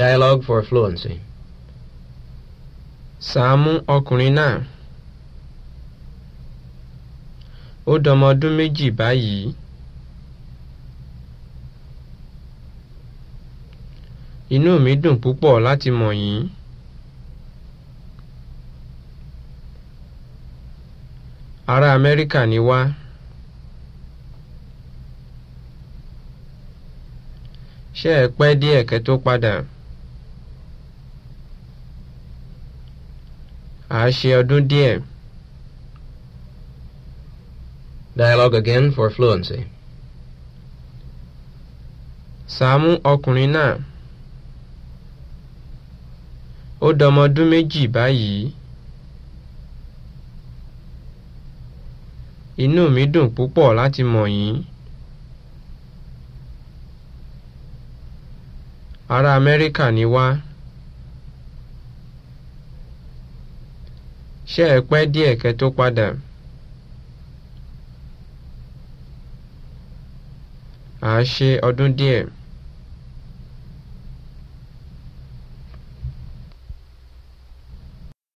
Dialogue for fluency. Sàámú ọkùnrin náà. Ó dọmọ ọdún méjì báyìí. Inú mi dùn púpọ̀ láti mọ̀ yín. Ará Amẹ́ríkà ni wá. Ṣé ẹ pẹ́ díẹ̀ kẹ́ tó padà? À á ṣe ọdún Dialogue again for fluency. Samu ọkùnrin náà. O dọmọ ọdún méjì báyìí. Inú mi dùn púpọ̀ láti mọ̀ yín. Ará Amẹ́ríkà ni wá. ṣé ẹ pẹ́ díẹ̀ kẹ́ tó padà? à á ṣe ọdún díẹ̀.